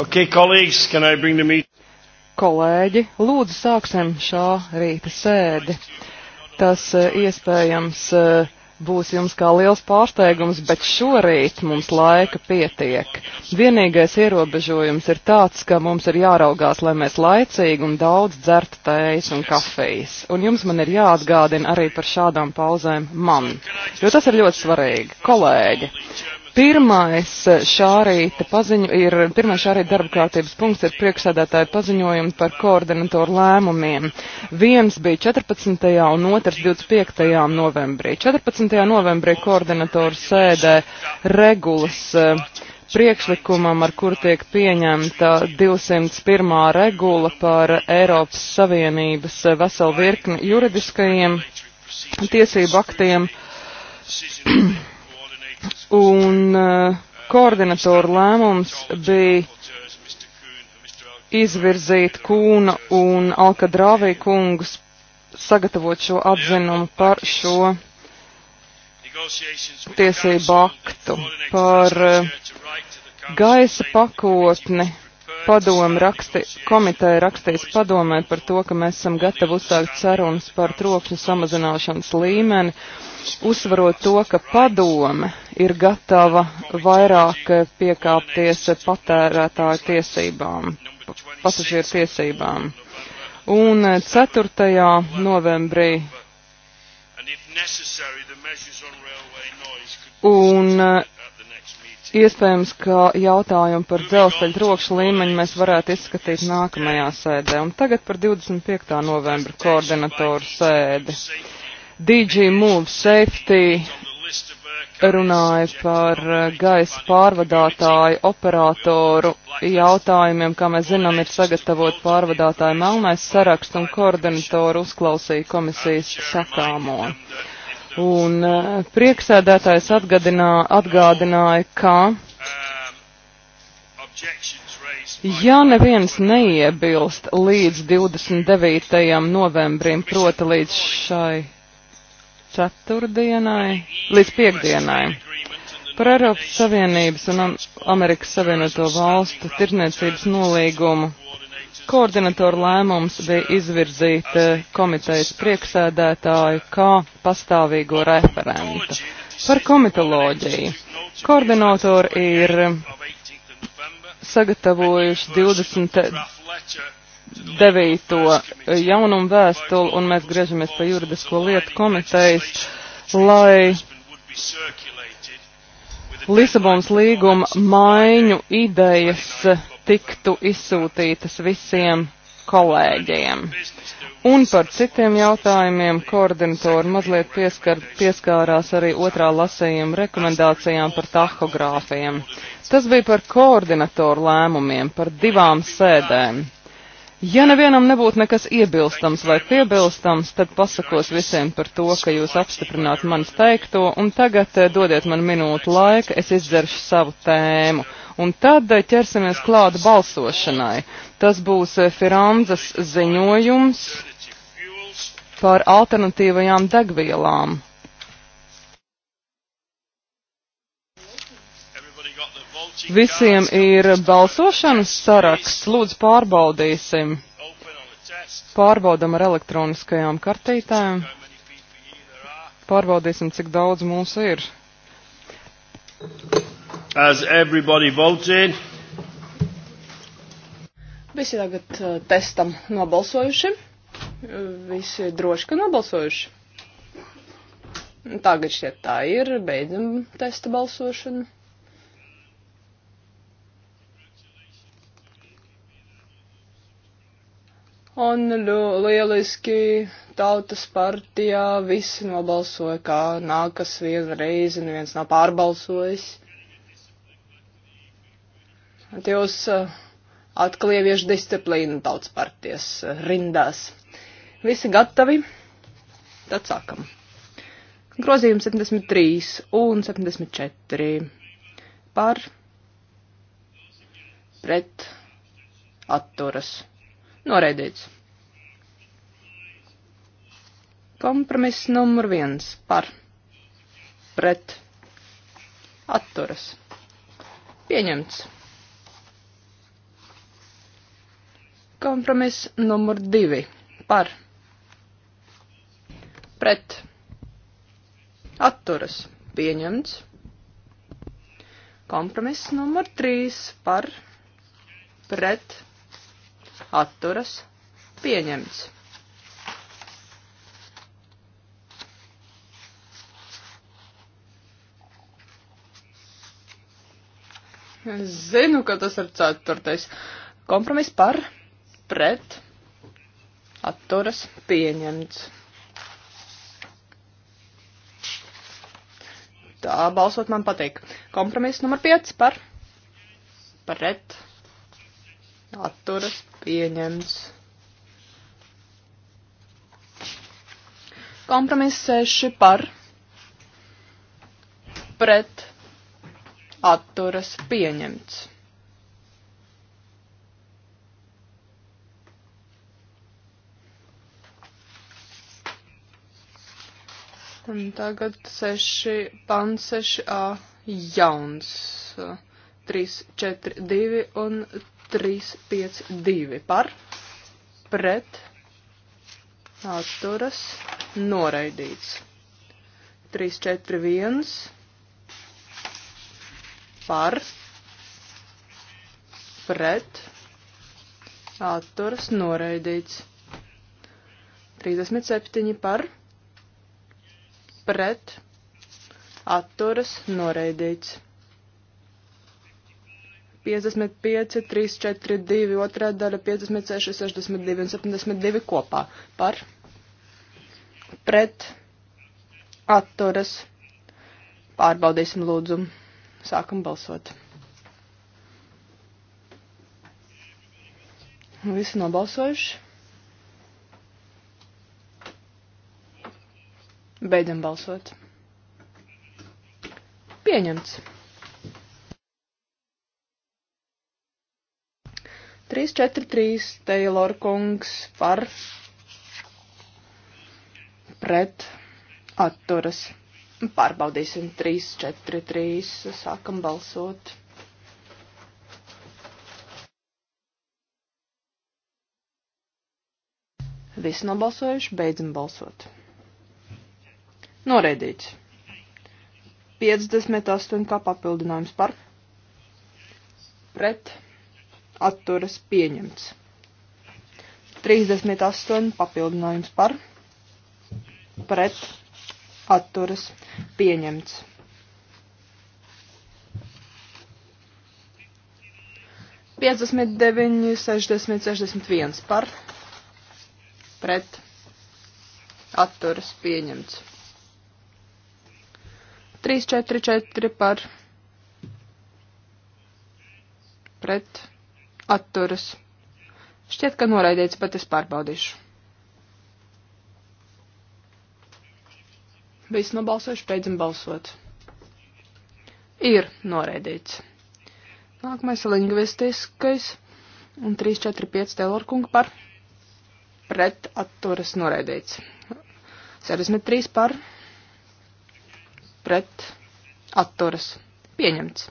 Okay, colleagues, can I bring the meet? Kolēģi, lūdzu sāksim šā rīta sēdi. Tas eh, iespējams eh, būs jums kā liels pārsteigums, bet šorīt mums laika pietiek. Vienīgais ierobežojums ir tāds, ka mums ir jāraugās, lai mēs laicīgi un daudz dzertu tējas un kafijas. Un jums man ir jāatgādina arī par šādām pauzēm man, jo tas ir ļoti svarīgi. Kolēģi, Pirmais eh, šā rīta, paziņo, ir, pirmais šā rīta darba kārtības punkts ir priekšsēdētāja paziņojumi par koordinatoru lēmumiem. Viens bija 14. un otrs 25. novembrī. 14. novembrī koordinatoru sēdē regulas eh, priekšlikumam, ar kur tiek pieņemta 201. regula par Eiropas Savienības eh, veselu virkni juridiskajiem tiesību aktiem. Un uh, koordinatoru lēmums bija izvirzīt Kūna un Alkadrāvī kungus sagatavot šo atzinumu par šo tiesību aktu, par uh, gaisa pakotni padomu raksti, komiteja rakstīs padomē par to, ka mēs esam gatavi uzsākt sarunas par trokšņu samazināšanas līmeni, uzsvarot to, ka padome ir gatava vairāk piekāpties patērētāju tiesībām, pasažieru tiesībām. Un 4. novembrī un Iespējams, ka jautājumu par dzelzceļa trokšņa līmeņu mēs varētu izskatīt nākamajā sēdē. Un tagad par 25. novembra koordinatoru sēdi. DG Move Safety runāja par eh, gaisa pārvadātāju operatoru jautājumiem, kā mēs zinām, ir sagatavot pārvadātāju melnais saraksts un koordinatoru uzklausīja komisijas sakāmo. Un uh, prieksēdētājs atgādināja, ka ja neviens neiebilst līdz 29. novembrim, proti līdz šai ceturtdienai, līdz piekdienai, par Eiropas Savienības un Amerikas Savienoto Valstu tirzniecības nolīgumu Koordinatoru lēmums bija izvirzīt eh, komitejas prieksēdētāju kā pastāvīgo referentu. Par komitoloģiju. Koordinatori ir sagatavojuši 20 devīto jaunumu vēstuli, un mēs griežamies pa juridisko lietu komitejas, lai Lisabons līguma maiņu idejas tiktu izsūtītas visiem kolēģiem. Un par citiem jautājumiem koordinatori mazliet pieskar, pieskārās arī otrā lasējuma rekomendācijām par tahogrāfiem. Tas bija par koordinatoru lēmumiem, par divām sēdēm. Ja nevienam nebūtu nekas iebilstams vai piebilstams, tad pasakos visiem par to, ka jūs apstiprināt manis teikto, un tagad eh, dodiet man minūtu laika, es izdzeršu savu tēmu. Un tad eh, ķersimies klāt balsošanai. Tas būs eh, Firanzas ziņojums par alternatīvajām degvielām. Visiem ir balsošanas saraksts, lūdzu pārbaudīsim. Pārbaudam ar elektroniskajām kartītēm. Pārbaudīsim, cik daudz mūsu ir. As everybody voted. Visi tagad uh, testam nobalsojuši. Visi droši, ka nobalsojuši. Tagad šķiet tā ir. Beidzam testa balsošanu. Un lieliski tautas partijā visi nobalsoja, kā nākas viena reize, neviens nav pārbalsojis jūs eh, atkal ievieš disciplīnu tautas partijas eh, rindās. Visi gatavi? Tad sākam. Grozījums 73 un 74 par pret atturas. Noreidīts. Kompromiss numur viens par pret atturas. Pieņemts. Kompromiss numur divi par pret atturas pieņemts. Kompromiss numur trīs par pret atturas pieņemts. Es zinu, ka tas ir ceturtais kompromiss par pret, atturas pieņemts. Tā balsot man patīk. Kompromiss numur 5 par, pret, atturas pieņemts. Kompromiss 6 par, pret, atturas pieņemts. Un tagad 6, pants 6a jauns. 3, 4, 2 un 3, 5, 2 par, pret, atturas, noraidīts. 3, 4, 1 par, pret, atturas, noraidīts. 37 par, pret pret atturas noraidīts. 55, 3, 4, 2, otrā daļa 56, 62 un 72 kopā par pret atturas. Pārbaudīsim lūdzu. Sākam balsot. Visi nobalsojuši. Beidzam balsot. Pieņemts. 343 Taylor kungs par pret atturas. Pārbaudīsim 343, sākam balsot. Visi nobalsojuši, beidzam balsot. Noreidīts. 58 kā papildinājums par. Pret. Atturas pieņemts. 38 papildinājums par. Pret. Atturas pieņemts. 59, 60, 61 par pret atturas pieņemts. 3, 4, 4 par pret atturas. Šķiet, ka noraidīts, bet es pārbaudīšu. Viss nobalsojuši, beidzam balsot. Ir noraidīts. Nākamais lingvistiskais un 3, 4, 5 telorkunga par pret atturas noraidīts. 63 par pret pret atturas pieņemts.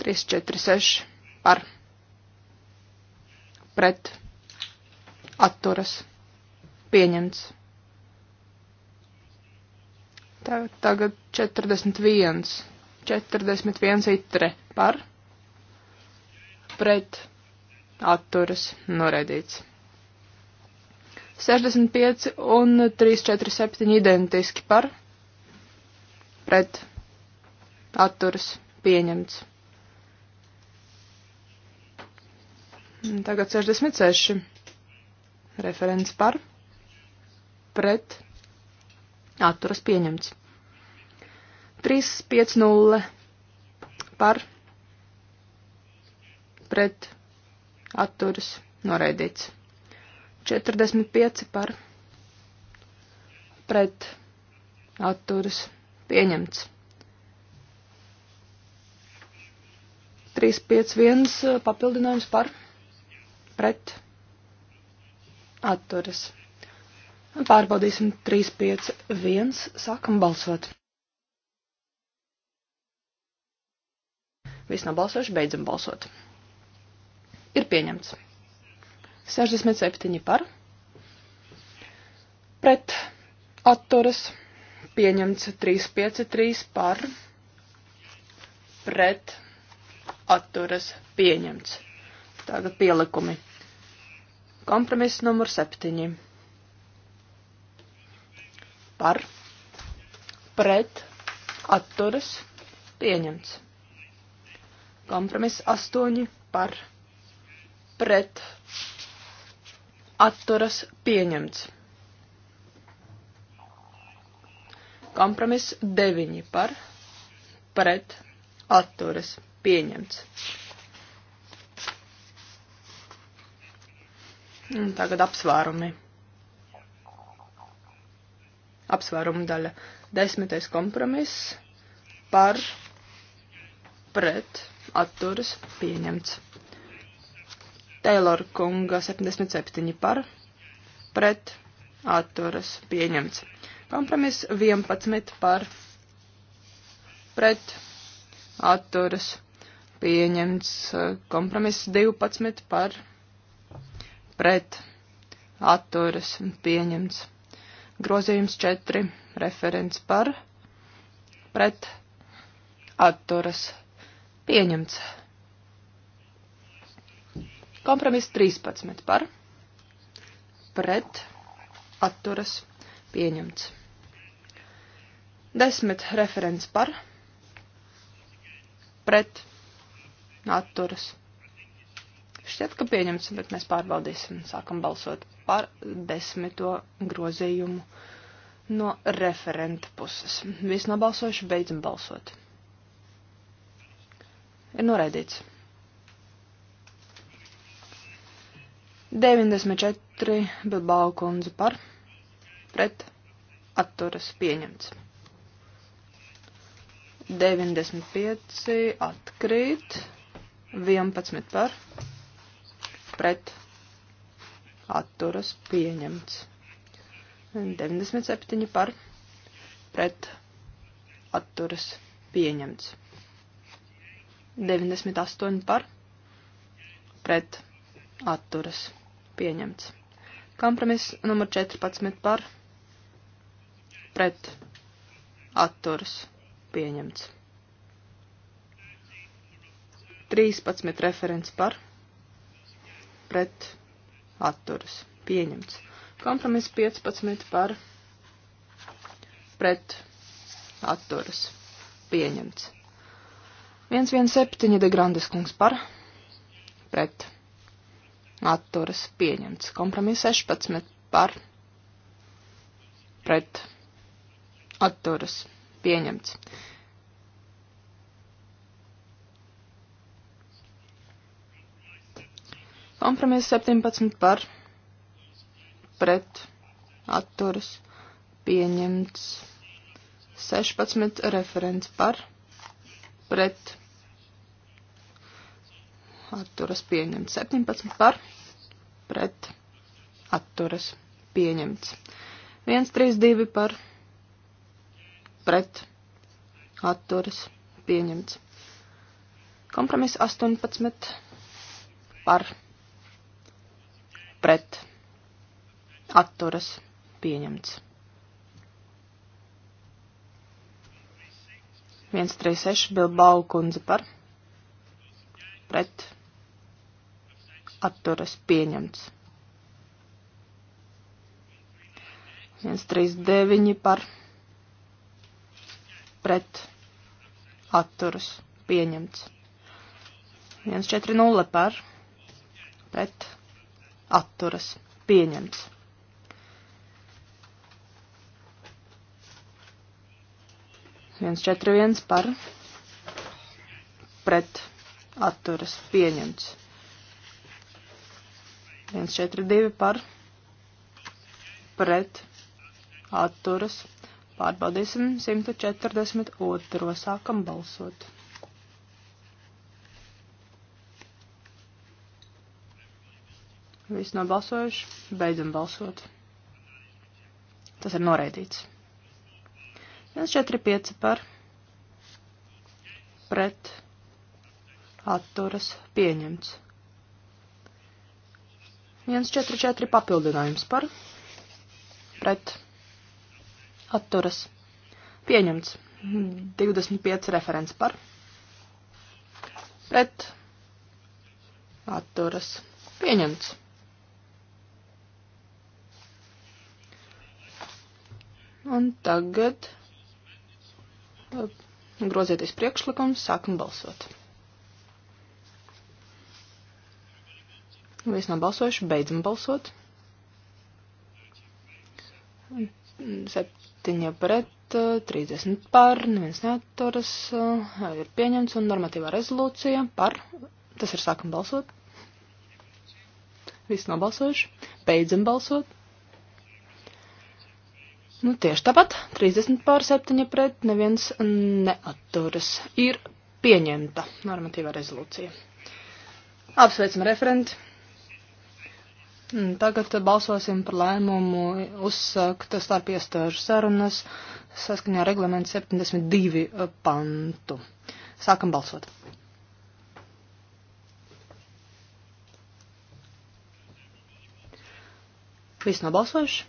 3, 4, 6 par pret atturas pieņemts. Tagad 41, 41 itre par pret atturas noraidīts. 65 un 347 identiski par pret atturas pieņemts. Tagad 66. Referents par, pret, atturas pieņemts. 350 par, pret, atturas noraidīts. 45 par, pret, atturas noraidīts Pieņemts. 351 eh, papildinājums par pret atturas. Pārbaudīsim 351, sākam balsot. Viss nav balsojuši, beidzam balsot. Ir pieņemts. 67 par pret atturas. Pieņemts 353 par pret atturas pieņemts. Tagad pielikumi. Kompromiss numur 7. Par pret atturas pieņemts. Kompromiss 8 par pret atturas pieņemts. Kompromiss 9 par pret atturas pieņemts. Un tagad apsvērumi. Apsvērumu daļa. Desmitais kompromiss par pret atturas pieņemts. Taylor kunga 77 par pret atturas pieņemts. Kompromiss 11 par pret atturas pieņemts. Kompromiss 12 par pret atturas pieņemts. Grozījums 4 referents par pret atturas pieņemts. Kompromiss 13 par pret atturas pieņemts. Desmit referents par, pret, atturas. Šķiet, ka pieņemts, bet mēs pārbaudīsim. Sākam balsot par desmito grozījumu no referenta puses. Visi nobalsojuši, beidzam balsot. Ir noraidīts. 94 Bilbao kundze par, pret, atturas pieņemts. 95 atkrīt, 11 par, pret, atturas pieņemts. 97 par, pret, atturas pieņemts. 98 par, pret, atturas pieņemts. Kompromiss numur 14 par, pret, atturas pieņemts pieņemts. 13 referents par, pret, atturas, pieņemts. Kompromiss 15 par, pret, atturas, pieņemts. 117 de Grandes kungs par, pret, atturas, pieņemts. Kompromiss 16 par, pret, atturas, pieņemts pieņemts. Kompromiss 17 par pret atturas pieņemts. 16 referents par pret atturas pieņemts. 17 par pret atturas pieņemts. 1, 3, 2 par pret pret atturas pieņemts. Kompromiss 18 par pret atturas pieņemts. 136 Bilbao kundze par pret atturas pieņemts. 139 par pret pret atturas pieņemts. 140 par pret atturas pieņemts. viens četri viens par pret atturas pieņemts. viens četri divi par pret atturas Pārbaudīsim 142. Sākam balsot. Visi nobalsojuši, beidzam balsot. Tas ir noraidīts. 145 par pret atturas pieņemts. 144 papildinājums par pret atturas pieņemts atturas pieņemts. 25 referents par pret atturas pieņemts. Un tagad uh, grozieties priekšlikums, sākam balsot. Visi nav balsojuši, beidzam balsot. 7 7 pret, 30 eh, par, neviens neaturas, eh, ir pieņemts un normatīvā rezolūcija par, tas ir sākam balsot. Viss nobalsojuši, beidzam balsot. Nu, tieši tāpat, 30 pār 7 pret, neviens neaturas. Ir pieņemta normatīvā rezolūcija. Apsveicam referentu. Hmm, tagad balsosim par lēmumu uzsākt starp iestāžu sarunas saskaņā ar reglamentu 72 eh, pantu. Sākam balsot. Viss nobalsojuši?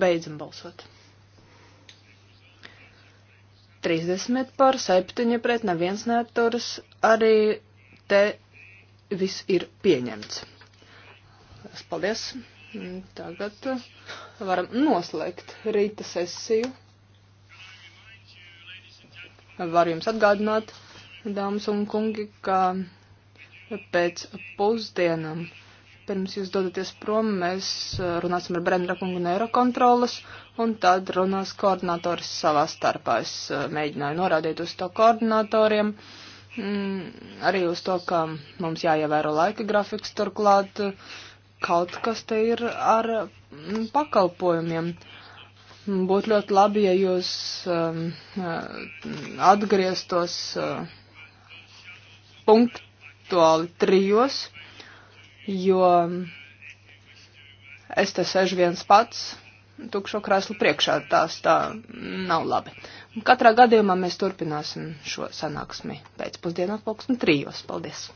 Beidzam balsot. 30 par 7 pret neviens neaturas, arī te viss ir pieņemts. Lielas paldies! Tagad varam noslēgt rīta sesiju. Varu jums atgādināt, dāmas un kungi, ka pēc pusdienam, pirms jūs dodaties prom, mēs runāsim ar Brendra kungu un Eirokontrolas, un tad runās koordinatoris savā starpā. Es eh, mēģināju norādīt uz to koordinatoriem, mm, arī uz to, ka mums jāievēro laika grafiks turklāt. Uh, kaut kas te ir ar mm, pakalpojumiem. Būtu ļoti labi, ja jūs um, uh, atgrieztos uh, punktuāli trijos, jo es te sežu viens pats tukšo krēslu priekšā, tās tā nav labi. Katrā gadījumā mēs turpināsim šo sanāksmi pēcpusdienā pulksten trijos. Paldies!